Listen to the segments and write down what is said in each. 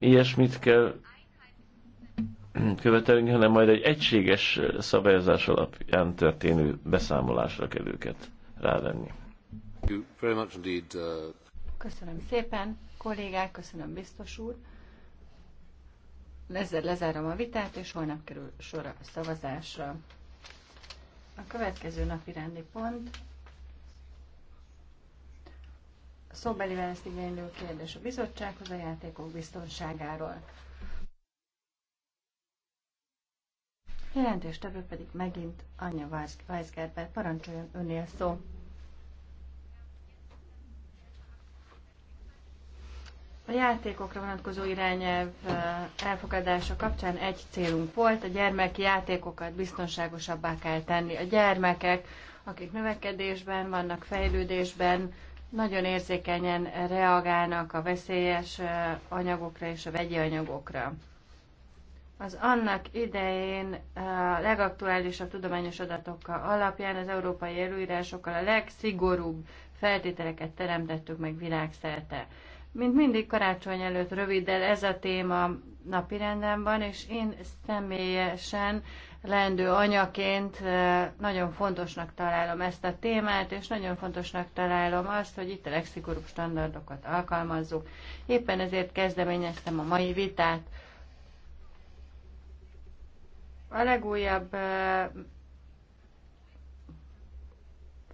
ilyesmit kell követelni, hanem majd egy egységes szabályozás alapján történő beszámolásra kell őket rávenni. Uh, köszönöm szépen, kollégák, köszönöm biztos úr. Ezzel lezárom a vitát, és holnap kerül sor a szavazásra. A következő napi rendi pont szóbelivel ezt igénylő kérdés a bizottsághoz a játékok biztonságáról. Jelentéstevő pedig megint Anya Weisgerber. Parancsoljon önél szó. A játékokra vonatkozó irányelv eh, elfogadása kapcsán egy célunk volt, a gyermeki játékokat biztonságosabbá kell tenni. A gyermekek, akik növekedésben vannak, fejlődésben, nagyon érzékenyen reagálnak a veszélyes anyagokra és a vegyi anyagokra. Az annak idején a legaktuálisabb tudományos adatokkal alapján az európai előírásokkal a legszigorúbb feltételeket teremtettük meg világszerte. Mint mindig karácsony előtt röviddel ez a téma napi van, és én személyesen lendő anyaként eh, nagyon fontosnak találom ezt a témát, és nagyon fontosnak találom azt, hogy itt a legszigorúbb standardokat alkalmazzuk. Éppen ezért kezdeményeztem a mai vitát. A legújabb eh,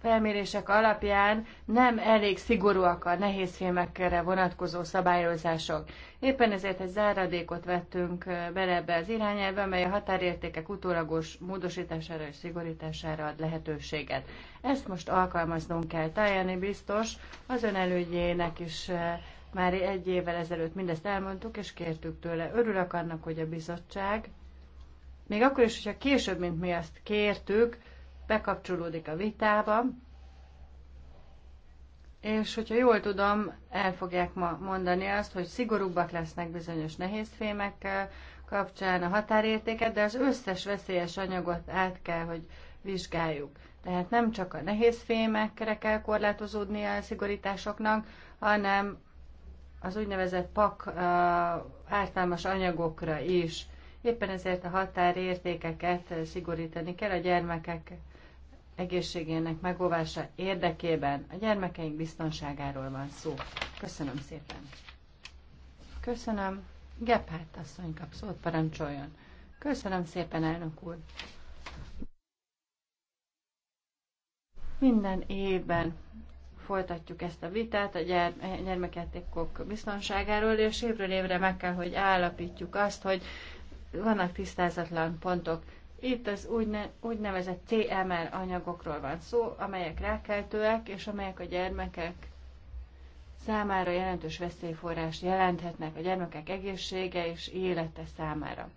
felmérések alapján nem elég szigorúak a nehézfémekre vonatkozó szabályozások. Éppen ezért egy záradékot vettünk bele ebbe az irányelbe, amely a határértékek utólagos módosítására és szigorítására ad lehetőséget. Ezt most alkalmaznunk kell. Tajani biztos az ön elődjének is már egy évvel ezelőtt mindezt elmondtuk, és kértük tőle. Örülök annak, hogy a bizottság, még akkor is, hogyha később, mint mi azt kértük, bekapcsolódik a vitába, és hogyha jól tudom, el fogják ma mondani azt, hogy szigorúbbak lesznek bizonyos nehézfémek eh, kapcsán a határértéket, de az összes veszélyes anyagot át kell, hogy vizsgáljuk. Tehát nem csak a nehézfémekre kell korlátozódnia a szigorításoknak, hanem az úgynevezett pak eh, ártalmas anyagokra is. Éppen ezért a határértékeket szigorítani kell a gyermekek egészségének megóvása érdekében. A gyermekeink biztonságáról van szó. Köszönöm szépen. Köszönöm. Gephardt asszony kap szót, parancsoljon. Köszönöm szépen, elnök úr. Minden évben folytatjuk ezt a vitát a gyermekjátékok biztonságáról, és évről évre meg kell, hogy állapítjuk azt, hogy vannak tisztázatlan pontok. Itt az úgyne, úgynevezett TMR anyagokról van szó, amelyek rákeltőek, és amelyek a gyermekek számára jelentős veszélyforrás jelenthetnek a gyermekek egészsége és élete számára.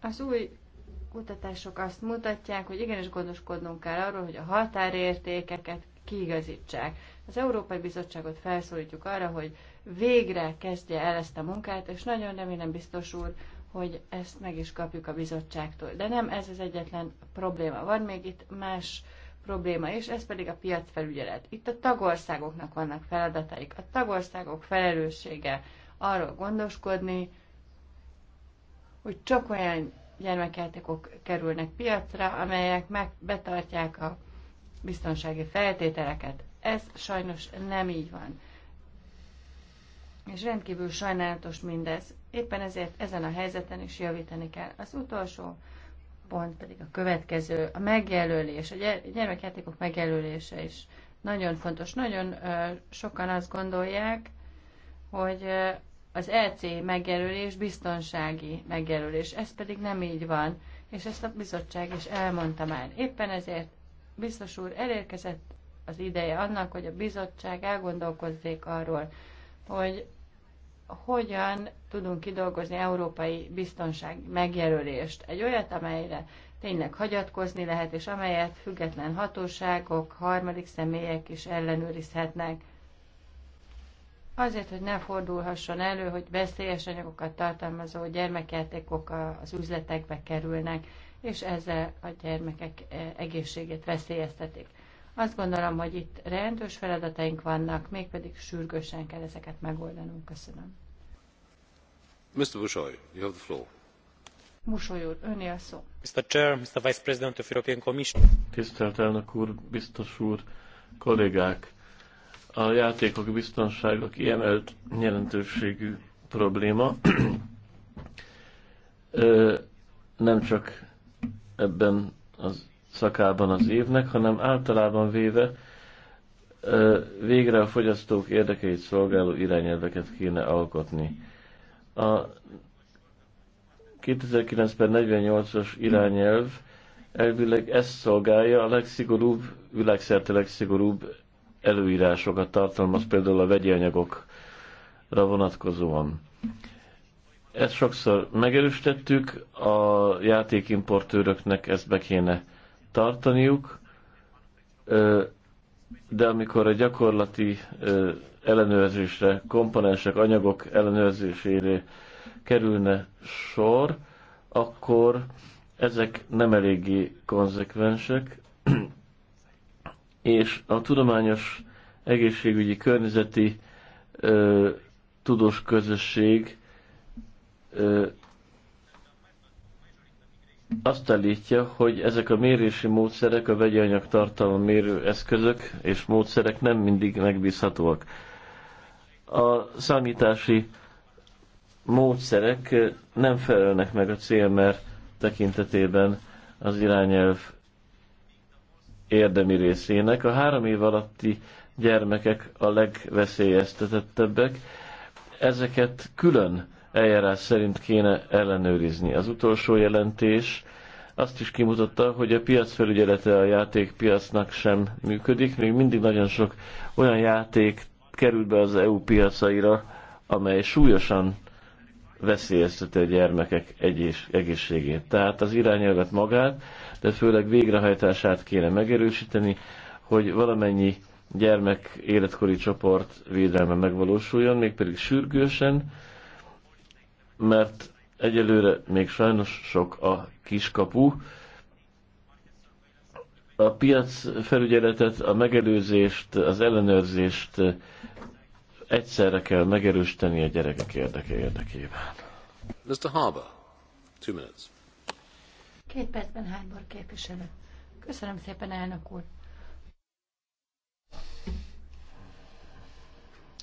Az új kutatások azt mutatják, hogy igenis gondoskodnunk kell arról, hogy a határértékeket kiigazítsák. Az Európai Bizottságot felszólítjuk arra, hogy végre kezdje el ezt a munkát, és nagyon remélem biztos úr, hogy ezt meg is kapjuk a bizottságtól. De nem ez az egyetlen probléma. Van még itt más probléma, és ez pedig a piacfelügyelet. Itt a tagországoknak vannak feladataik. A tagországok felelőssége arról gondoskodni, hogy csak olyan gyermekjátékok kerülnek piacra, amelyek meg betartják a biztonsági feltételeket. Ez sajnos nem így van. És rendkívül sajnálatos mindez. Éppen ezért ezen a helyzeten is javítani kell. Az utolsó pont pedig a következő, a megjelölés, a gyermekjátékok megjelölése is nagyon fontos. Nagyon sokan azt gondolják, hogy az EC megjelölés biztonsági megjelölés. Ez pedig nem így van, és ezt a bizottság is elmondta már. Éppen ezért biztos úr elérkezett az ideje annak, hogy a bizottság elgondolkozzék arról, hogy hogyan tudunk kidolgozni európai biztonság megjelölést. Egy olyat, amelyre tényleg hagyatkozni lehet, és amelyet független hatóságok, harmadik személyek is ellenőrizhetnek. Azért, hogy ne fordulhasson elő, hogy veszélyes anyagokat tartalmazó gyermekjátékok az üzletekbe kerülnek, és ezzel a gyermekek eh, egészségét veszélyeztetik. Azt gondolom, hogy itt rendős feladataink vannak, mégpedig sürgősen kell ezeket megoldanunk. Köszönöm. Mr. Bushoy, you have the floor. Bushoy úr, öné a szó. Mr. Chair, Mr. Vice President of European Commission. Tisztelt elnök úr, biztos úr, kollégák! A játékok biztonsága kiemelt jelentőségű probléma. nem csak ebben az szakában az évnek, hanem általában véve végre a fogyasztók érdekeit szolgáló irányelveket kéne alkotni. A 2009-48-as irányelv elvileg ezt szolgálja, a legszigorúbb, világszerte legszigorúbb előírásokat tartalmaz, például a vegyi anyagokra vonatkozóan. Ezt sokszor megerősítettük, a játékimportőröknek ezt be kéne tartaniuk, de amikor a gyakorlati ellenőrzésre, komponensek, anyagok ellenőrzésére kerülne sor, akkor ezek nem eléggé konzekvensek, és a tudományos egészségügyi környezeti ö, tudós közösség ö, azt állítja, hogy ezek a mérési módszerek, a vegyi anyag tartalma mérő eszközök és módszerek nem mindig megbízhatóak. A számítási módszerek nem felelnek meg a CMR tekintetében az irányelv érdemi részének. A három év alatti gyermekek a legveszélyeztetettebbek. Ezeket külön eljárás szerint kéne ellenőrizni. Az utolsó jelentés azt is kimutatta, hogy a piac felügyelete a játékpiacnak sem működik. Még mindig nagyon sok olyan játék kerül be az EU piacaira, amely súlyosan veszélyezteti a gyermekek egyés, egészségét. Tehát az irányelvet magát, de főleg végrehajtását kéne megerősíteni, hogy valamennyi gyermek életkori csoport védelme megvalósuljon, mégpedig sürgősen, mert egyelőre még sajnos sok a kiskapu. A piac felügyeletet, a megelőzést, az ellenőrzést egyszerre kell megerősíteni a gyerekek érdeke érdekében. Mr. Harbour, two minutes. Két percben Harbour képviselő. Köszönöm szépen, elnök úr.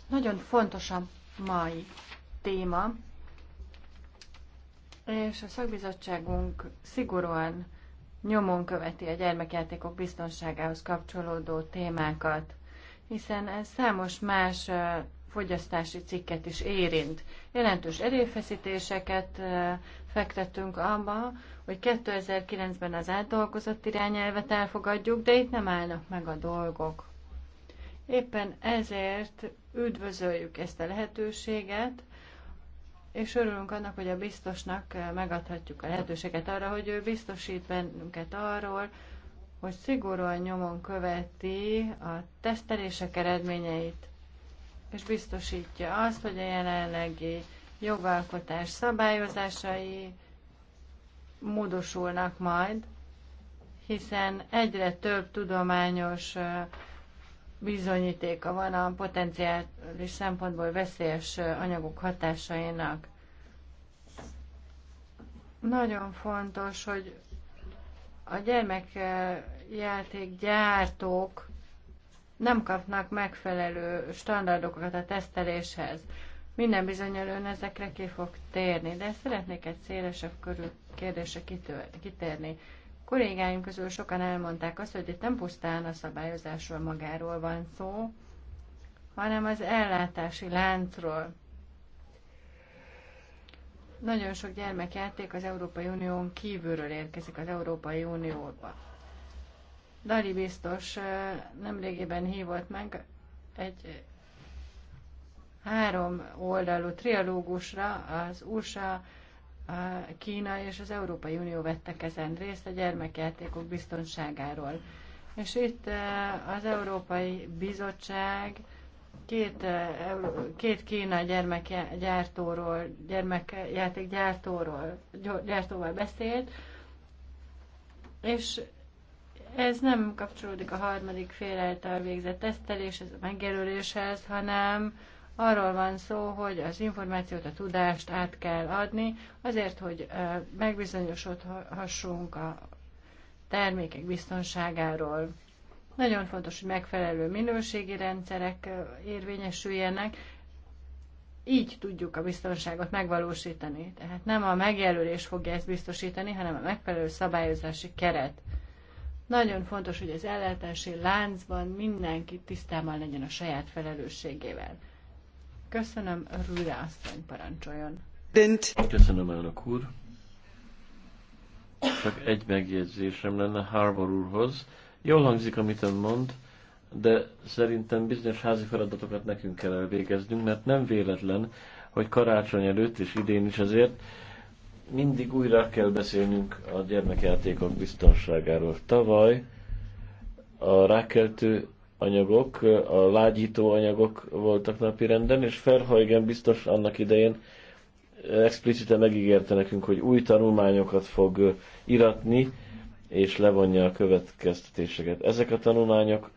Nagyon fontos a mai téma, és a szakbizottságunk szigorúan nyomon követi a gyermekjátékok biztonságához kapcsolódó témákat, hiszen ez számos más fogyasztási cikket is érint. Jelentős erőfeszítéseket fektettünk abba, hogy 2009-ben az átdolgozott irányelvet elfogadjuk, de itt nem állnak meg a dolgok. Éppen ezért üdvözöljük ezt a lehetőséget, és örülünk annak, hogy a biztosnak eh, megadhatjuk a lehetőséget arra, hogy ő biztosít bennünket arról, hogy szigorúan nyomon követi a tesztelések eredményeit, és biztosítja azt, hogy a jelenlegi jogalkotás szabályozásai módosulnak majd, hiszen egyre több tudományos eh, bizonyítéka van a potenciális szempontból veszélyes anyagok hatásainak. Nagyon fontos, hogy a gyermekjáték gyártók nem kapnak megfelelő standardokat a teszteléshez. Minden bizonyal ön ezekre ki fog térni, de szeretnék egy szélesebb körű kérdésre kitérni kollégáim közül sokan elmondták azt, hogy itt nem pusztán a szabályozásról magáról van szó, hanem az ellátási láncról. Nagyon sok gyermekjáték az Európai Unión kívülről érkezik az Európai Unióba. Dali biztos nemrégében hívott meg egy három oldalú trialógusra az USA, Kína és az Európai Unió vettek ezen részt a gyermekjátékok biztonságáról. És itt e, az Európai Bizottság két, e, két Kína gyermekgyártóról, gyermekjátékgyártóról, gyártóval beszélt, és ez nem kapcsolódik a harmadik fél által végzett teszteléshez, a megjelöléshez, hanem Arról van szó, hogy az információt, a tudást át kell adni, azért, hogy megbizonyosodhassunk a termékek biztonságáról. Nagyon fontos, hogy megfelelő minőségi rendszerek érvényesüljenek, így tudjuk a biztonságot megvalósítani. Tehát nem a megjelölés fogja ezt biztosítani, hanem a megfelelő szabályozási keret. Nagyon fontos, hogy az ellátási láncban mindenki tisztában legyen a saját felelősségével. Köszönöm, Rüde asszony parancsoljon. Köszönöm, elnök úr. Csak egy megjegyzésem lenne Harbor úrhoz. Jól hangzik, amit ön mond, de szerintem bizonyos házi feladatokat nekünk kell elvégeznünk, mert nem véletlen, hogy karácsony előtt és idén is azért mindig újra kell beszélnünk a gyermekjátékok biztonságáról. Tavaly a rákeltő anyagok, a lágyító anyagok voltak napirenden, és Ferhajgen biztos annak idején explicite megígérte nekünk, hogy új tanulmányokat fog iratni, és levonja a következtetéseket. Ezek a tanulmányok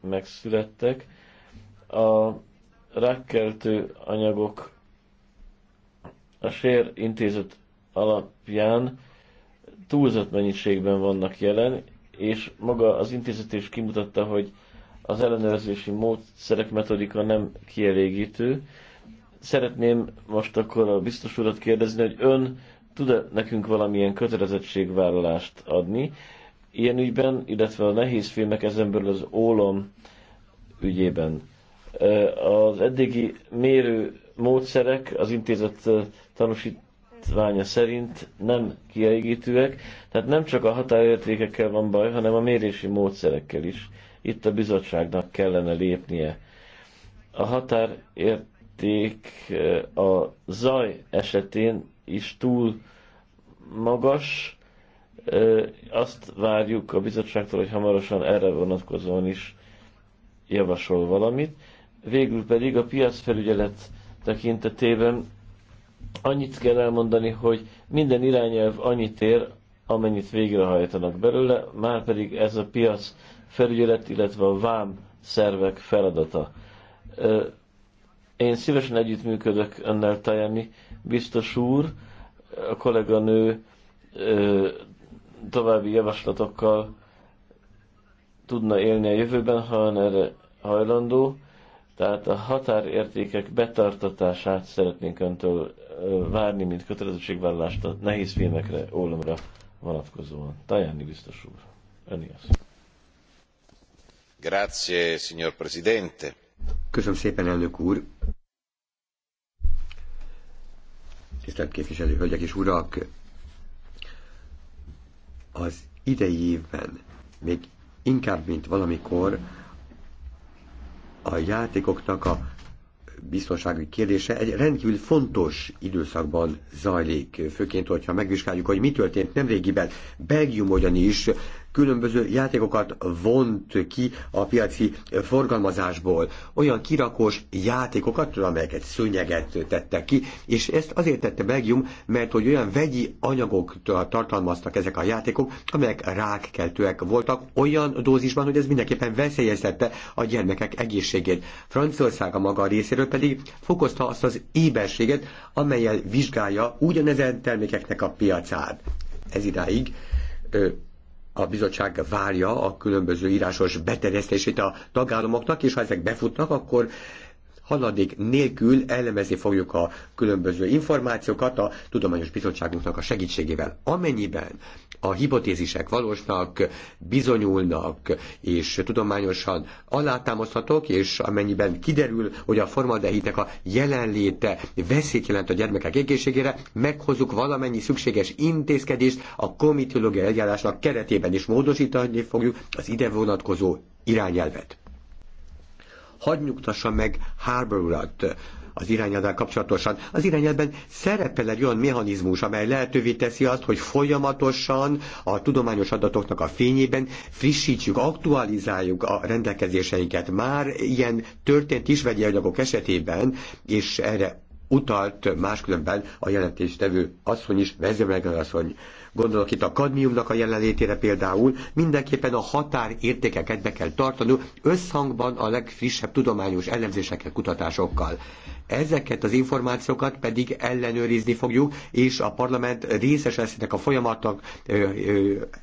megszülettek. A rákkeltő anyagok a sér intézet alapján túlzott mennyiségben vannak jelen, és maga az intézet is kimutatta, hogy az ellenőrzési módszerek metodika nem kielégítő. Szeretném most akkor a biztos urat kérdezni, hogy ön tud-e nekünk valamilyen kötelezettségvállalást adni ilyen ügyben, illetve a nehéz filmek ezen belül az ólom ügyében. Az eddigi mérő módszerek az intézet tanúsítványa szerint nem kielégítőek, tehát nem csak a határértékekkel van baj, hanem a mérési módszerekkel is itt a bizottságnak kellene lépnie. A határérték eh, a zaj esetén is túl magas, eh, azt várjuk a bizottságtól, hogy hamarosan erre vonatkozóan is javasol valamit. Végül pedig a piacfelügyelet tekintetében annyit kell elmondani, hogy minden irányelv annyit ér, amennyit végrehajtanak belőle, már pedig ez a piac felügyelet, illetve a vám szervek feladata. Én szívesen együttműködök önnel, Tajani biztos úr, a kolléganő további javaslatokkal tudna élni a jövőben, ha ön erre hajlandó. Tehát a határértékek betartatását szeretnénk öntől várni, mint kötelezettségvállalást a nehéz filmekre, ólomra vonatkozóan. Tajani biztos úr, Ön az signor Presidente. Köszönöm szépen, Tisztelt képviselő, hölgyek és urak! Az idei évben még inkább, mint valamikor a játékoknak a biztonsági kérdése egy rendkívül fontos időszakban zajlik, főként, hogyha megvizsgáljuk, hogy mi történt nemrégiben. Belgium ugyanis különböző játékokat vont ki a piaci forgalmazásból. Olyan kirakós játékokat, amelyeket szőnyeget tettek ki, és ezt azért tette Belgium, mert hogy olyan vegyi anyagok tartalmaztak ezek a játékok, amelyek rákkeltőek voltak olyan dózisban, hogy ez mindenképpen veszélyeztette a gyermekek egészségét. Franciaország a maga részéről pedig fokozta azt az éberséget, amelyel vizsgálja ugyanezen termékeknek a piacát. Ez idáig a bizottság várja a különböző írásos beterjesztését a tagállamoknak, és ha ezek befutnak, akkor haladék nélkül elemezni fogjuk a különböző információkat a Tudományos Bizottságunknak a segítségével. Amennyiben a hipotézisek valósnak, bizonyulnak, és tudományosan alátámaszthatók, és amennyiben kiderül, hogy a formaldehidnek a jelenléte veszélyt jelent a gyermekek egészségére, meghozuk valamennyi szükséges intézkedést a komitológiai eljárásnak keretében, is módosítani fogjuk az ide vonatkozó irányelvet hadd nyugtassa meg Harbour urat az irányadal kapcsolatosan. Az irányadban szerepel egy olyan mechanizmus, amely lehetővé teszi azt, hogy folyamatosan a tudományos adatoknak a fényében frissítsük, aktualizáljuk a rendelkezéseinket. Már ilyen történt is vegyi anyagok esetében, és erre utalt máskülönben a jelentéstevő asszony is, Vezemleg asszony gondolok itt a kadmiumnak a jelenlétére például, mindenképpen a határértékeket be kell tartani összhangban a legfrissebb tudományos elemzésekkel, kutatásokkal. Ezeket az információkat pedig ellenőrizni fogjuk, és a parlament részes lesz ennek a folyamatnak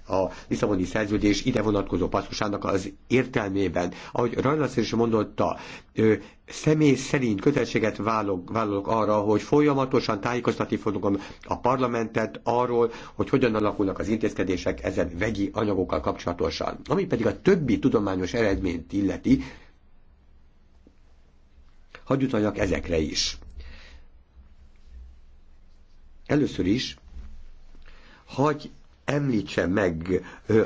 a Lisszaboni szerződés ide vonatkozó passzusának az értelmében. Ahogy Rajlasz is mondotta, személy szerint kötelességet vállalok, vállalok arra, hogy folyamatosan tájékoztatni fogom a parlamentet arról, hogy hogyan alakulnak az intézkedések ezen vegyi anyagokkal kapcsolatosan. Ami pedig a többi tudományos eredményt illeti, hagy utaljak ezekre is. Először is, hagy említse meg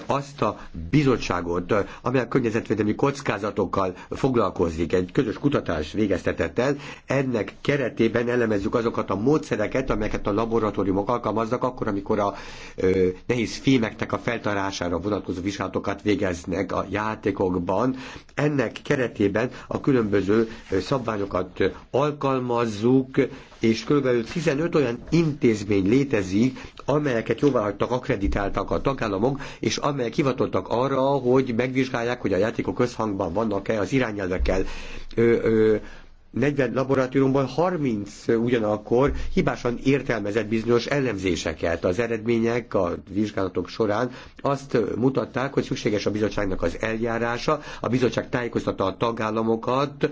azt a bizottságot, amely a környezetvédelmi kockázatokkal foglalkozik, egy közös kutatás végeztetett el. Ennek keretében elemezzük azokat a módszereket, amelyeket a laboratóriumok alkalmaznak akkor, amikor a ö, nehéz fémeknek a feltarására vonatkozó vizsgálatokat végeznek a játékokban. Ennek keretében a különböző szabványokat alkalmazzuk, és kb. 15 olyan intézmény létezik, amelyeket jóváhagytak, akreditáltak a tagállamok, és amelyek hivatottak arra, hogy megvizsgálják, hogy a játékok összhangban vannak-e az irányelvekkel. Ö, ö, 40 laboratóriumban 30 ugyanakkor hibásan értelmezett bizonyos elemzéseket. Az eredmények a vizsgálatok során azt mutatták, hogy szükséges a bizottságnak az eljárása, a bizottság tájékoztatta a tagállamokat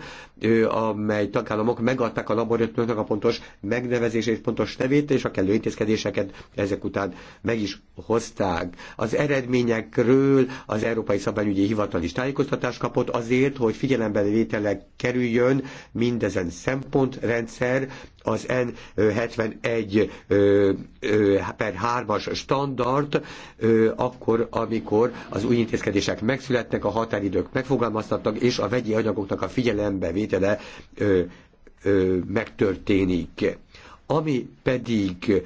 amely tagállamok megadták a laboratóriumnak a pontos megnevezését, pontos nevét, és a kellő intézkedéseket ezek után meg is hozták. Az eredményekről az Európai Szabványügyi Hivatal is tájékoztatást kapott azért, hogy figyelembe vétele kerüljön mindezen szempontrendszer, az N71 per 3-as standard, akkor, amikor az új intézkedések megszületnek, a határidők megfogalmaztattak, és a vegyi anyagoknak a figyelembe vétele ö, megtörténik. Ami pedig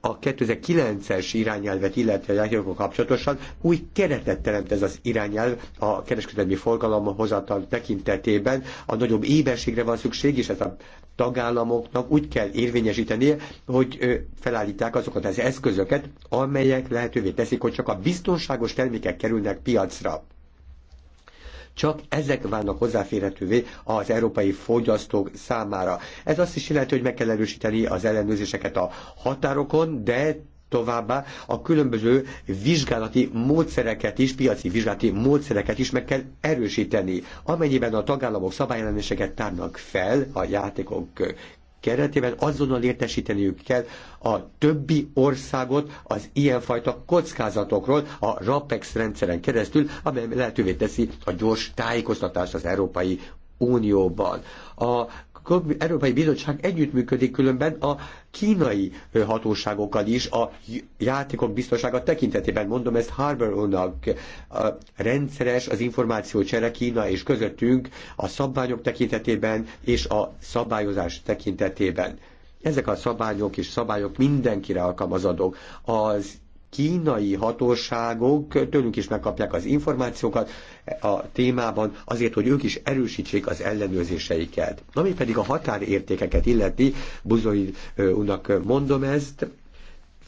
a 2009-es irányelvet, illetve a jogok kapcsolatosan új keretet teremt ez az irányelv a kereskedelmi forgalom hozatal tekintetében. A nagyobb éberségre van szükség, és ez a tagállamoknak úgy kell érvényesítenie, hogy felállítják azokat az eszközöket, amelyek lehetővé teszik, hogy csak a biztonságos termékek kerülnek piacra. Csak ezek válnak hozzáférhetővé az európai fogyasztók számára. Ez azt is jelenti, hogy meg kell erősíteni az ellenőrzéseket a határokon, de továbbá a különböző vizsgálati módszereket is, piaci vizsgálati módszereket is meg kell erősíteni. Amennyiben a tagállamok szabályellenéseket tárnak fel a játékok keretében azonnal értesíteniük kell a többi országot az ilyenfajta kockázatokról a RAPEX rendszeren keresztül, amely lehetővé teszi a gyors tájékoztatást az Európai Unióban. A Európai Bizottság együttműködik különben a kínai hatóságokkal is a játékok biztonsága tekintetében. Mondom ezt Harborónak. Rendszeres az információ csere Kína és közöttünk a szabványok tekintetében és a szabályozás tekintetében. Ezek a szabályok és szabályok mindenkire alkalmazadók. Az kínai hatóságok tőlünk is megkapják az információkat a témában, azért, hogy ők is erősítsék az ellenőrzéseiket. Ami pedig a határértékeket illeti, Buzoi unak mondom ezt,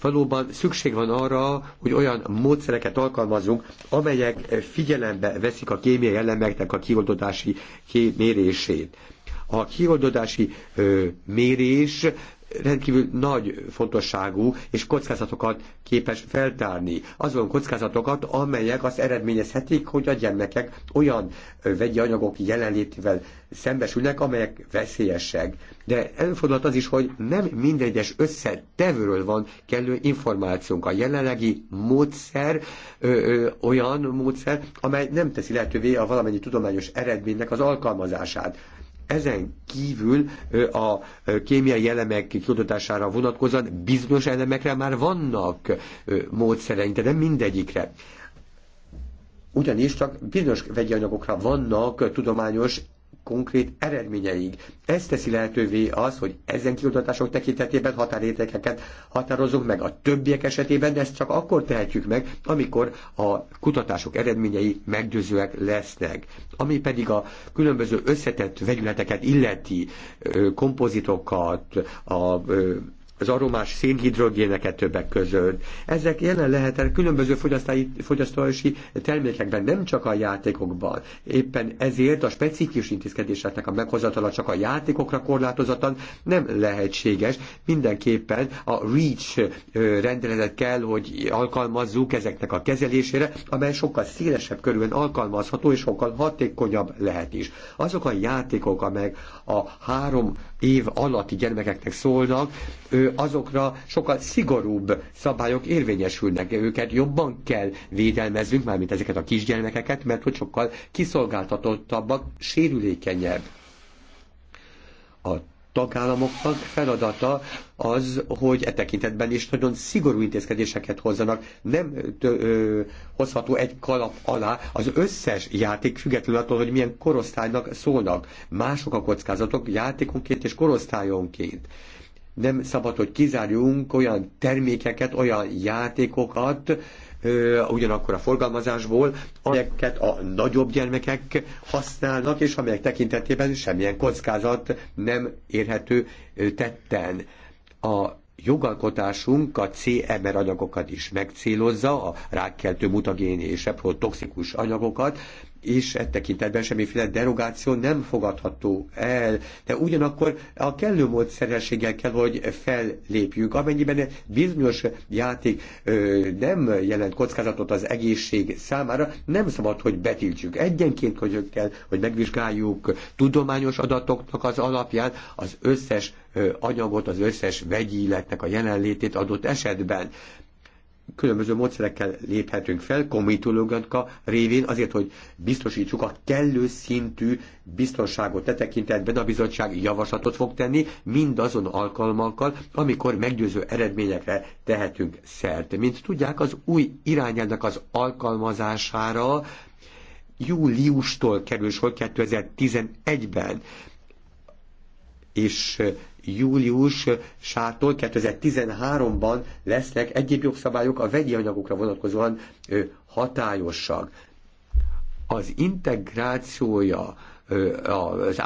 valóban szükség van arra, hogy olyan módszereket alkalmazunk, amelyek figyelembe veszik a kémiai elemeknek a kioldodási mérését. A kioldodási mérés rendkívül nagy fontosságú és kockázatokat képes feltárni. Azon kockázatokat, amelyek azt eredményezhetik, hogy a gyermekek olyan vegyi anyagok jelenlétével szembesülnek, amelyek veszélyesek. De előfordulhat az is, hogy nem mindegyes összetevőről van kellő információnk. A jelenlegi módszer ö, ö, olyan módszer, amely nem teszi lehetővé a valamennyi tudományos eredménynek az alkalmazását. Ezen kívül a kémiai elemek kiadatására vonatkozóan bizonyos elemekre már vannak módszereink, de nem mindegyikre ugyanis csak bizonyos vegyi anyagokra vannak tudományos konkrét eredményeig. Ez teszi lehetővé az, hogy ezen kiutatások tekintetében határértékeket határozunk meg. A többiek esetében de ezt csak akkor tehetjük meg, amikor a kutatások eredményei meggyőzőek lesznek. Ami pedig a különböző összetett vegyületeket illeti, kompozitokat, a az aromás szénhidrogéneket többek között. Ezek jelen lehetnek különböző fogyasztási termékekben, nem csak a játékokban. Éppen ezért a specifikus intézkedéseknek a meghozatala csak a játékokra korlátozatlan nem lehetséges. Mindenképpen a REACH rendeletet kell, hogy alkalmazzuk ezeknek a kezelésére, amely sokkal szélesebb körülön alkalmazható és sokkal hatékonyabb lehet is. Azok a játékok, amelyek a három év alatti gyermekeknek szólnak, azokra sokkal szigorúbb szabályok érvényesülnek. Őket jobban kell védelmeznünk, mármint ezeket a kisgyermekeket, mert hogy sokkal kiszolgáltatottabbak, sérülékenyebb. A tagállamoknak feladata az, hogy e tekintetben is nagyon szigorú intézkedéseket hozzanak. Nem ö, ö, hozható egy kalap alá az összes játék, függetlenül attól, hogy milyen korosztálynak szólnak. Mások a kockázatok játékonként és korosztályonként nem szabad, hogy kizárjunk olyan termékeket, olyan játékokat, ugyanakkor a forgalmazásból, amelyeket a nagyobb gyermekek használnak, és amelyek tekintetében semmilyen kockázat nem érhető tetten. A jogalkotásunk a CMR anyagokat is megcélozza, a rákkeltő mutagén és toxikus anyagokat, és e tekintetben semmiféle derogáció nem fogadható el, de ugyanakkor a kellő módszerességgel kell, hogy fellépjünk. Amennyiben bizonyos játék ö, nem jelent kockázatot az egészség számára, nem szabad, hogy betiltsük. Egyenként, hogy kell, hogy megvizsgáljuk tudományos adatoknak az alapján az összes anyagot, az összes vegyi életnek a jelenlétét adott esetben különböző módszerekkel léphetünk fel, komitológia révén azért, hogy biztosítsuk a kellő szintű biztonságot e tekintetben a bizottság javaslatot fog tenni mindazon alkalmakkal, amikor meggyőző eredményekre tehetünk szert. Mint tudják, az új irányelvnek az alkalmazására júliustól kerül sor 2011-ben és július-sától 2013-ban lesznek egyéb jogszabályok a vegyi anyagokra vonatkozóan hatályosak. Az integrációja az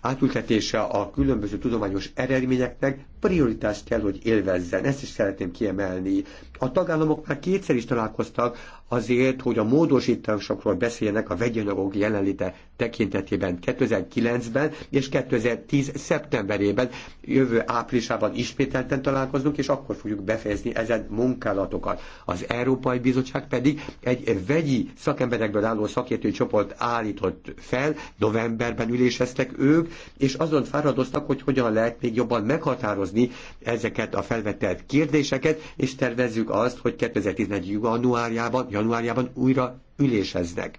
átültetése a különböző tudományos eredményeknek prioritást kell, hogy élvezzen. Ezt is szeretném kiemelni. A tagállamok már kétszer is találkoztak azért, hogy a módosításokról beszéljenek a vegyanyagok jelenléte tekintetében 2009-ben és 2010. szeptemberében, jövő áprilisában ismételten találkozunk, és akkor fogjuk befejezni ezen munkálatokat. Az Európai Bizottság pedig egy vegyi szakemberekből álló szakértői csoport állított fel, novemberben üléseztek ők, és azon fáradoztak, hogy hogyan lehet még jobban meghatározni megfogalmazni ezeket a felvetett kérdéseket, és tervezzük azt, hogy 2011. januárjában, januárjában újra üléseznek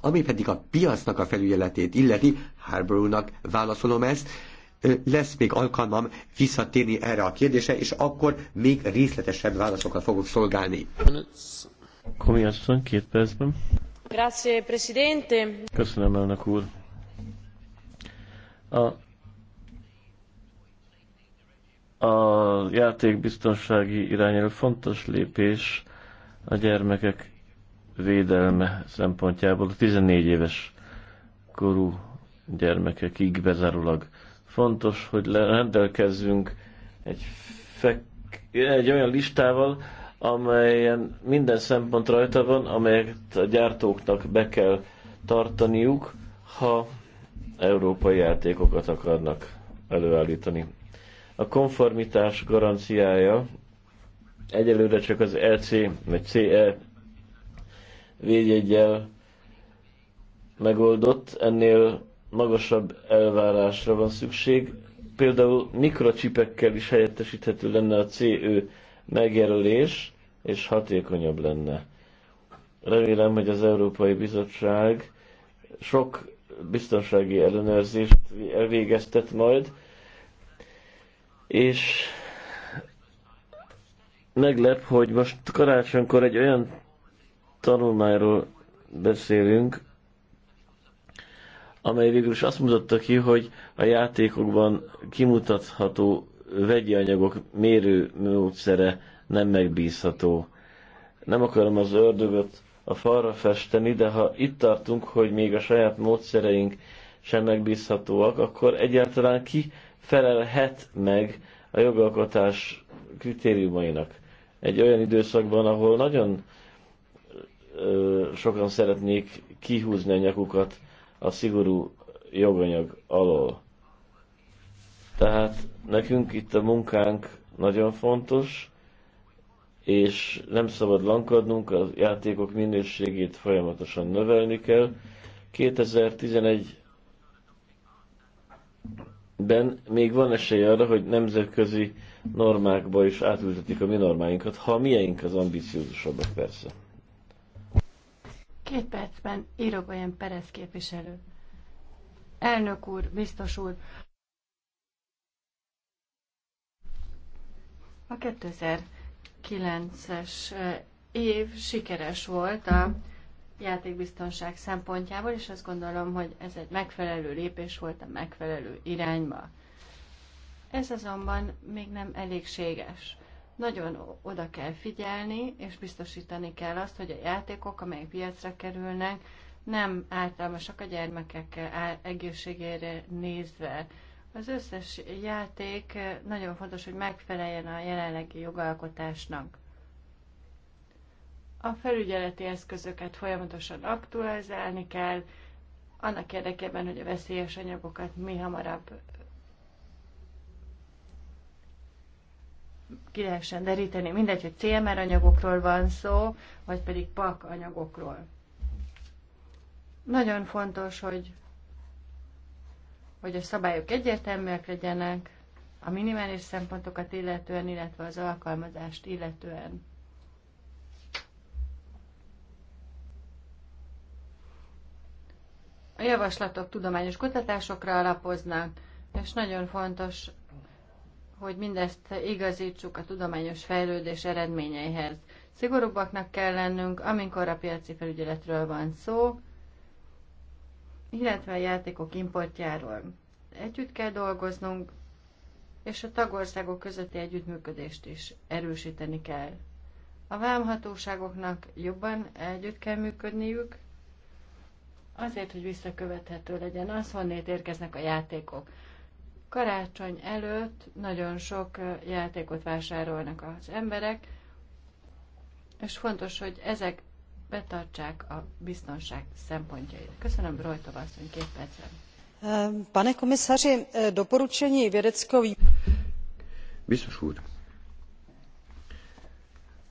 ami pedig a piacnak a felügyeletét illeti, Harbour válaszolom ezt, lesz még alkalmam visszatérni erre a kérdésre, és akkor még részletesebb válaszokat fogok szolgálni. Komiasszony, két percben. Grazie, Presidente. Köszönöm, elnök úr. A a játékbiztonsági irányelv fontos lépés a gyermekek védelme szempontjából a 14 éves korú gyermekekig bezárólag. Fontos, hogy rendelkezzünk egy, fek, egy olyan listával, amelyen minden szempont rajta van, amelyet a gyártóknak be kell tartaniuk, ha európai játékokat akarnak előállítani. A konformitás garanciája egyelőre csak az EC vagy CE védjegyel megoldott, ennél magasabb elvárásra van szükség. Például mikrocsipekkel is helyettesíthető lenne a CE megjelölés, és hatékonyabb lenne. Remélem, hogy az Európai Bizottság sok biztonsági ellenőrzést elvégeztet majd, és meglep, hogy most karácsonykor egy olyan tanulmányról beszélünk, amely végül is azt mutatta ki, hogy a játékokban kimutatható vegyi anyagok mérő módszere nem megbízható. Nem akarom az ördögöt a falra festeni, de ha itt tartunk, hogy még a saját módszereink sem megbízhatóak, akkor egyáltalán ki felelhet meg a jogalkotás kritériumainak. Egy olyan időszakban, ahol nagyon ö, sokan szeretnék kihúzni a nyakukat a szigorú joganyag alól. Tehát nekünk itt a munkánk nagyon fontos, és nem szabad lankadnunk, a játékok minőségét folyamatosan növelni kell. 2011 ben még van esély arra, hogy nemzetközi normákba is átültetik a mi normáinkat, ha a mieink az ambiciózusabbak persze. Két percben olyan Perez képviselő. Elnök úr, biztos úr, a 2009-es év sikeres volt a játékbiztonság szempontjából, és azt gondolom, hogy ez egy megfelelő lépés volt a megfelelő irányba. Ez azonban még nem elégséges. Nagyon oda kell figyelni, és biztosítani kell azt, hogy a játékok, amelyek piacra kerülnek, nem általánosak a gyermekek egészségére nézve. Az összes játék nagyon fontos, hogy megfeleljen a jelenlegi jogalkotásnak. A felügyeleti eszközöket folyamatosan aktualizálni kell, annak érdekében, hogy a veszélyes anyagokat mi hamarabb ki lehessen deríteni. Mindegy, hogy CMR anyagokról van szó, vagy pedig PAK anyagokról. Nagyon fontos, hogy, hogy a szabályok egyértelműek legyenek, a minimális szempontokat illetően, illetve az alkalmazást illetően. A javaslatok tudományos kutatásokra alapoznak, és nagyon fontos, hogy mindezt igazítsuk a tudományos fejlődés eredményeihez. Szigorúbbaknak kell lennünk, amikor a piaci felügyeletről van szó, illetve a játékok importjáról. Együtt kell dolgoznunk, és a tagországok közötti együttműködést is erősíteni kell. A vámhatóságoknak jobban együtt kell működniük, azért, hogy visszakövethető legyen az, honnét érkeznek a játékok. Karácsony előtt nagyon sok játékot vásárolnak az emberek, és fontos, hogy ezek betartsák a biztonság szempontjait. Köszönöm, Brojtov asszony, két percen. Pane komisaři, doporučení vědecko... Biztos úr,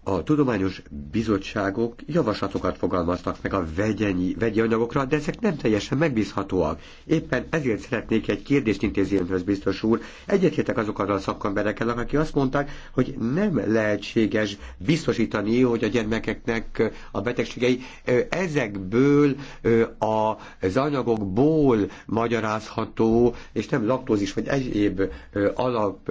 a tudományos bizottságok javaslatokat fogalmaztak meg a vegyenyi, vegyi anyagokra, de ezek nem teljesen megbízhatóak. Éppen ezért szeretnék egy kérdést intézni önhöz, biztos úr. Egyetértek azokkal a szakemberekkel, akik azt mondták, hogy nem lehetséges biztosítani, hogy a gyermekeknek a betegségei ezekből az anyagokból magyarázható, és nem laktózis vagy egyéb, alap,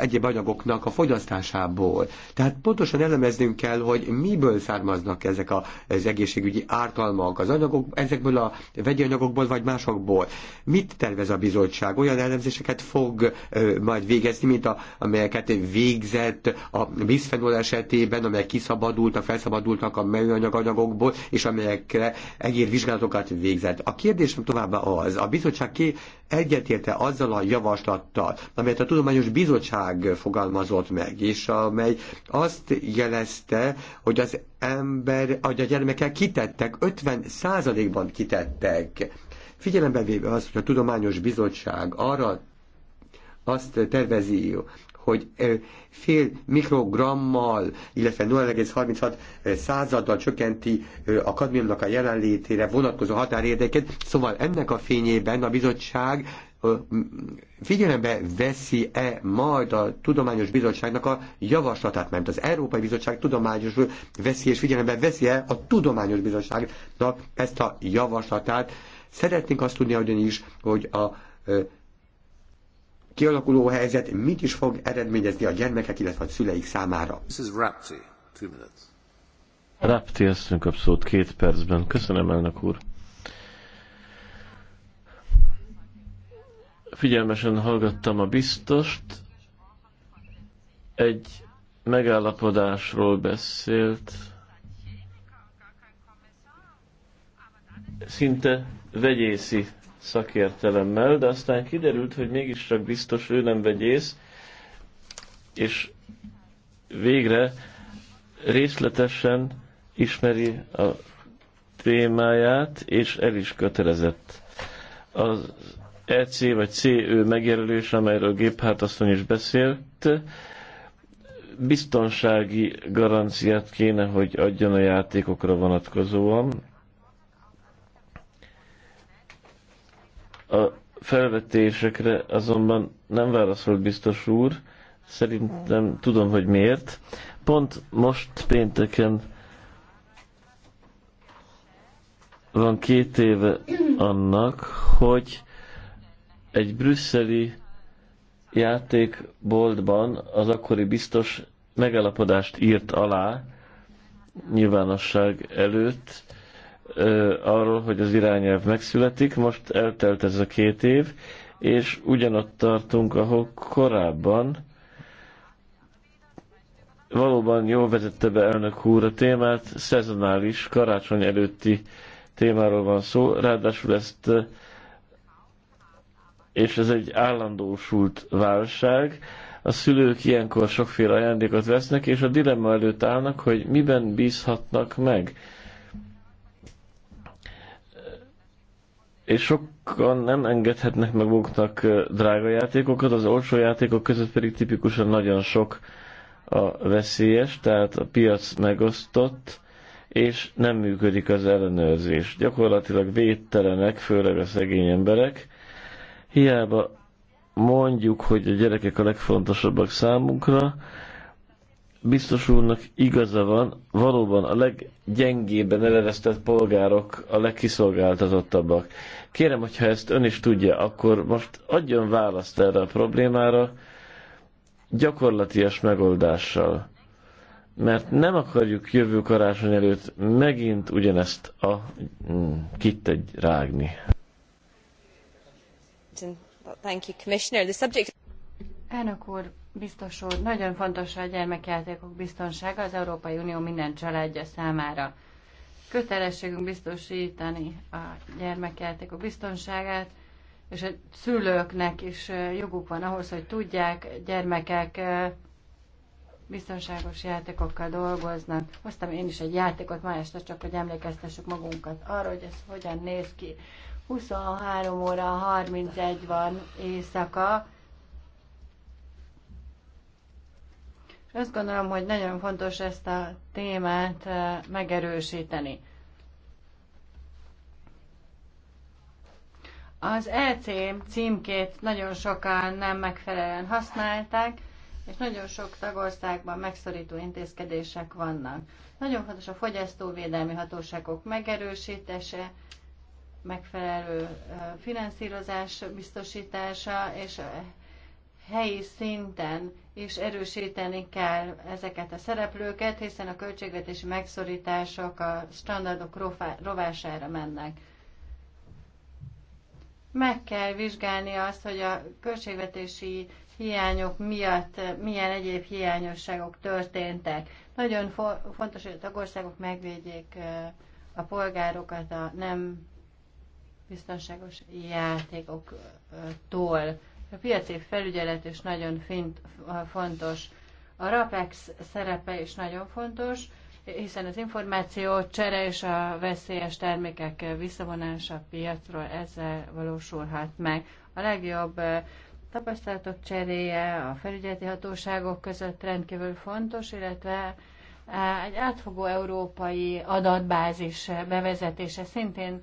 egyéb anyagoknak a fogyasztásából. Tehát pontosan elemezni elemeznünk kell, hogy miből származnak ezek az egészségügyi ártalmak, az anyagok, ezekből a vegyi anyagokból vagy másokból. Mit tervez a bizottság? Olyan elemzéseket fog majd végezni, mint a, amelyeket végzett a bisphenol esetében, amelyek kiszabadultak, felszabadultak a műanyag anyagokból, és amelyekre egérvizsgálatokat végzett. A kérdésem továbbá az, a bizottság ki egyetérte azzal a javaslattal, amelyet a Tudományos Bizottság fogalmazott meg, és amely azt jelent, jelezte, hogy az ember, hogy a gyermekek kitettek, 50 ban kitettek. Figyelembe véve az, hogy a Tudományos Bizottság arra azt tervezi, hogy fél mikrogrammal, illetve 0,36 századdal csökkenti a kadmiumnak a jelenlétére vonatkozó határértéket. Szóval ennek a fényében a bizottság figyelembe veszi-e majd a Tudományos Bizottságnak a javaslatát, mert az Európai Bizottság tudományos veszi és figyelembe veszi-e a Tudományos Bizottságnak ezt a javaslatát. Szeretnénk azt tudni ugyanis, hogy a kialakuló helyzet mit is fog eredményezni a gyermekek, illetve a szüleik számára. Rapti, two minutes. Rapti, két percben. Köszönöm, elnök úr. figyelmesen hallgattam a biztost, egy megállapodásról beszélt, szinte vegyészi szakértelemmel, de aztán kiderült, hogy mégiscsak biztos ő nem vegyész, és végre részletesen ismeri a témáját, és el is kötelezett. Az EC vagy CÖ megjelölés, amelyről Géphárt asszony is beszélt, biztonsági garanciát kéne, hogy adjon a játékokra vonatkozóan. A felvetésekre azonban nem válaszolt biztos úr, szerintem tudom, hogy miért. Pont most pénteken van két éve annak, hogy egy brüsszeli játékboltban az akkori biztos megalapodást írt alá nyilvánosság előtt ö, arról, hogy az irányelv megszületik. Most eltelt ez a két év, és ugyanott tartunk, ahol korábban valóban jól vezette be elnök úr a témát, szezonális, karácsony előtti témáról van szó, ráadásul ezt és ez egy állandósult válság. A szülők ilyenkor sokféle ajándékot vesznek, és a dilemma előtt állnak, hogy miben bízhatnak meg. És sokan nem engedhetnek meg maguknak drága játékokat, az olcsó játékok között pedig tipikusan nagyon sok a veszélyes, tehát a piac megosztott, és nem működik az ellenőrzés. Gyakorlatilag védtelenek, főleg a szegény emberek, Hiába mondjuk, hogy a gyerekek a legfontosabbak számunkra, biztos úrnak igaza van, valóban a leggyengébben eleresztett polgárok a legkiszolgáltatottabbak. Kérem, hogyha ezt ön is tudja, akkor most adjon választ erre a problémára gyakorlatias megoldással. Mert nem akarjuk jövő karácsony előtt megint ugyanezt a mm, kitegy rágni. Elnök úr, biztos úr, nagyon fontos a gyermekjátékok biztonsága az Európai Unió minden családja számára. Kötelességünk biztosítani a gyermekjátékok biztonságát, és a szülőknek is joguk van ahhoz, hogy tudják, gyermekek biztonságos játékokkal dolgoznak. Hoztam én is egy játékot ma este, csak hogy emlékeztessük magunkat arra, hogy ez hogyan néz ki. 23 óra 31 van éjszaka. És azt gondolom, hogy nagyon fontos ezt a témát eh, megerősíteni. Az EC címkét nagyon sokan nem megfelelően használták, és nagyon sok tagországban megszorító intézkedések vannak. Nagyon fontos a fogyasztóvédelmi hatóságok megerősítése, megfelelő finanszírozás biztosítása, és helyi szinten is erősíteni kell ezeket a szereplőket, hiszen a költségvetési megszorítások a standardok rovására mennek. Meg kell vizsgálni azt, hogy a költségvetési hiányok miatt milyen egyéb hiányosságok történtek. Nagyon fontos, hogy a tagországok megvédjék a polgárokat a nem biztonságos játékoktól. A piaci felügyelet is nagyon fint, fontos. A RAPEX szerepe is nagyon fontos, hiszen az információ csere és a veszélyes termékek visszavonása a piacról ezzel valósulhat meg. A legjobb eh, tapasztalatok cseréje a felügyeleti hatóságok között rendkívül fontos, illetve eh, egy átfogó európai adatbázis bevezetése szintén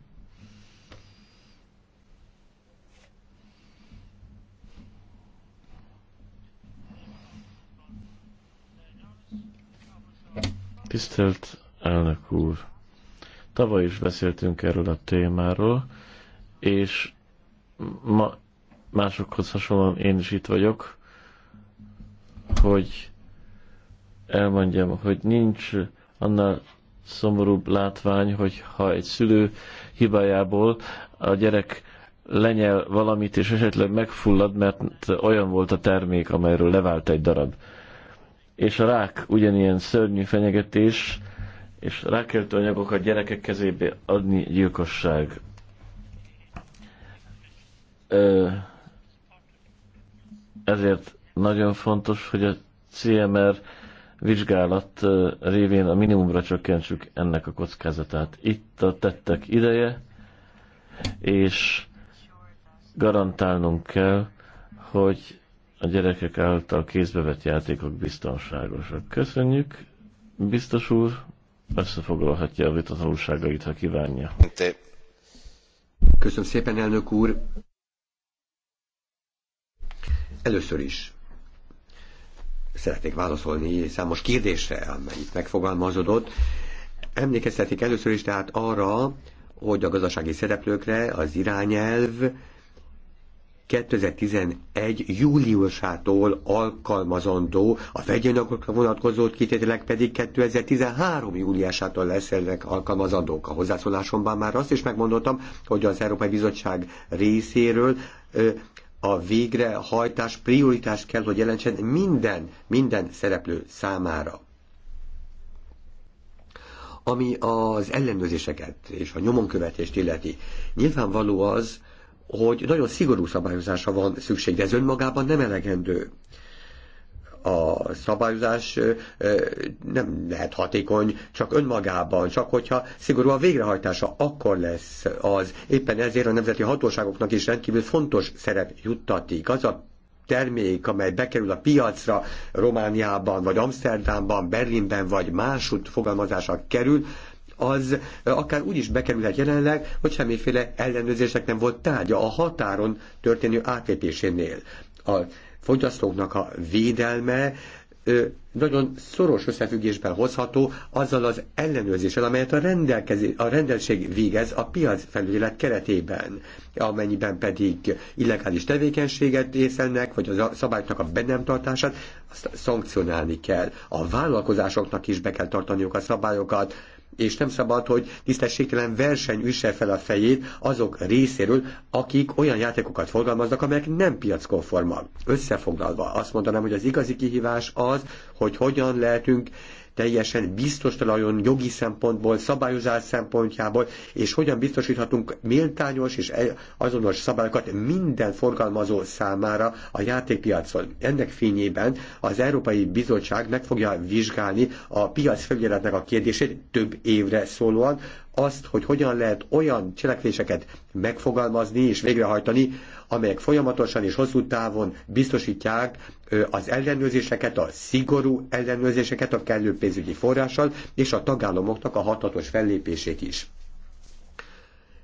Tisztelt elnök úr! Tavaly is beszéltünk erről a témáról, és ma másokhoz hasonlóan én is itt vagyok, hogy elmondjam, hogy nincs annál szomorúbb látvány, hogy ha egy szülő hibájából a gyerek lenyel valamit, és esetleg megfullad, mert olyan volt a termék, amelyről levált egy darab és a rák ugyanilyen szörnyű fenyegetés, és rákeltő anyagokat gyerekek kezébe adni gyilkosság. Ezért nagyon fontos, hogy a CMR vizsgálat révén a minimumra csökkentsük ennek a kockázatát. Itt a tettek ideje, és garantálnunk kell, hogy a gyerekek által kézbe vett játékok biztonságosak. Köszönjük, biztos úr, összefoglalhatja a vita tanulságait, ha kívánja. Köszönöm szépen, elnök úr. Először is szeretnék válaszolni számos kérdésre, amely itt megfogalmazódott. Emlékeztetnék először is tehát arra, hogy a gazdasági szereplőkre az irányelv 2011. júliusától alkalmazandó, a vegyanyagokra vonatkozó kitételek pedig 2013. júliusától lesznek alkalmazandók. A hozzászólásomban már azt is megmondottam, hogy az Európai Bizottság részéről a végrehajtás prioritást kell, hogy jelentsen minden, minden szereplő számára ami az ellenőrzéseket és a nyomonkövetést illeti. Nyilvánvaló az, hogy nagyon szigorú szabályozása van szükség, de ez önmagában nem elegendő a szabályozás nem lehet hatékony, csak önmagában, csak hogyha szigorú a végrehajtása, akkor lesz az. Éppen ezért a nemzeti hatóságoknak is rendkívül fontos szerep juttatik. Az a termék, amely bekerül a piacra Romániában, vagy Amsterdamban, Berlinben, vagy másút fogalmazásra kerül, az akár úgy is bekerülhet jelenleg, hogy semmiféle ellenőrzésnek nem volt tárgya a határon történő átlépésénél. A fogyasztóknak a védelme nagyon szoros összefüggésben hozható azzal az ellenőrzéssel, amelyet a, a rendelség végez a piacfelügyelet keretében, amennyiben pedig illegális tevékenységet észlelnek, vagy a szabályoknak a be nem tartását, azt szankcionálni kell. A vállalkozásoknak is be kell tartaniuk a szabályokat, és nem szabad, hogy tisztességtelen verseny üsse fel a fejét azok részéről, akik olyan játékokat forgalmaznak, amelyek nem piackonformak. Összefoglalva azt mondanám, hogy az igazi kihívás az, hogy hogyan lehetünk teljesen biztos talajon jogi szempontból, szabályozás szempontjából, és hogyan biztosíthatunk méltányos és azonos szabályokat minden forgalmazó számára a játékpiacon. Ennek fényében az Európai Bizottság meg fogja vizsgálni a piacfelügyeletnek a kérdését több évre szólóan, azt, hogy hogyan lehet olyan cselekvéseket megfogalmazni és végrehajtani, amelyek folyamatosan és hosszú távon biztosítják az ellenőrzéseket, a szigorú ellenőrzéseket a kellő pénzügyi forrással és a tagállamoknak a hatatos fellépését is.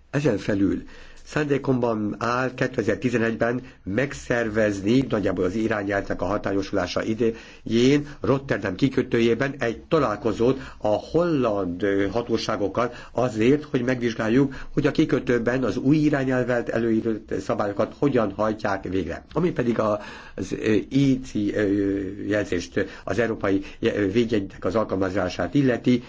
Ezen felül Szándékomban áll 2011-ben megszervezni nagyjából az irányelvnek a hatályosulása idején Rotterdam kikötőjében egy találkozót a holland hatóságokkal azért, hogy megvizsgáljuk, hogy a kikötőben az új irányelvelt előírt szabályokat hogyan hajtják végre. Ami pedig az IC jelzést, az európai védjegynek az alkalmazását illeti,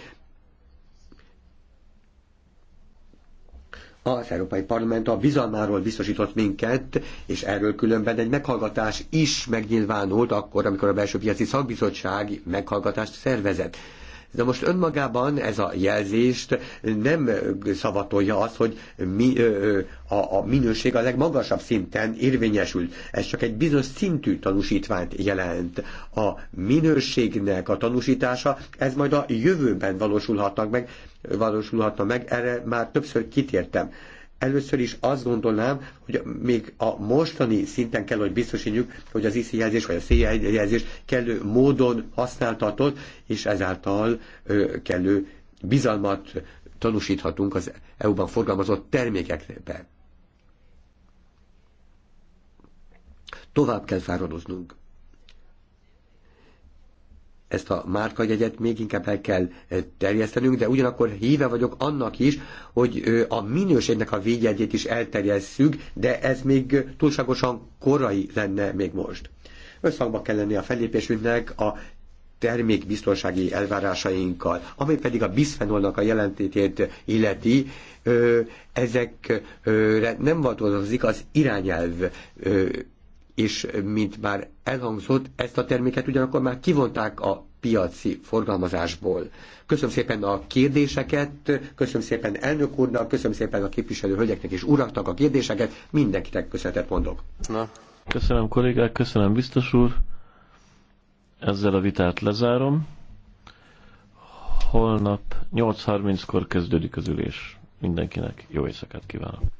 az Európai Parlament a bizalmáról biztosított minket, és erről különben egy meghallgatás is megnyilvánult akkor, amikor a Belső Piaci Szakbizottság meghallgatást szervezett. De most önmagában ez a jelzést nem szavatolja az, hogy mi, a, a minőség a legmagasabb szinten érvényesül. Ez csak egy bizonyos szintű tanúsítványt jelent. A minőségnek a tanúsítása, ez majd a jövőben valósulhatnak meg, valósulhatna meg, erre már többször kitértem. Először is azt gondolnám, hogy még a mostani szinten kell, hogy biztosítjuk, hogy az ISZI jelzés vagy a SZI jelzés kellő módon használtatott, és ezáltal kellő bizalmat tanúsíthatunk az EU-ban forgalmazott termékekbe. Tovább kell fáradoznunk ezt a márkajegyet még inkább el kell eh, terjesztenünk, de ugyanakkor híve vagyok annak is, hogy a minőségnek a védjegyét is elterjesszük, de ez még túlságosan korai lenne még most. Összhangba kell lenni a fellépésünknek a termékbiztonsági elvárásainkkal, ami pedig a bisphenolnak a jelentétét illeti, ezekre nem változik az irányelv és mint már elhangzott, ezt a terméket ugyanakkor már kivonták a piaci forgalmazásból. Köszönöm szépen a kérdéseket, köszönöm szépen elnök úrnak, köszönöm szépen a képviselő hölgyeknek és uraknak a kérdéseket, mindenkinek köszönetet mondok. Na. Köszönöm kollégák, köszönöm biztos úr. Ezzel a vitát lezárom. Holnap 8.30-kor kezdődik az ülés. Mindenkinek jó éjszakát kívánok.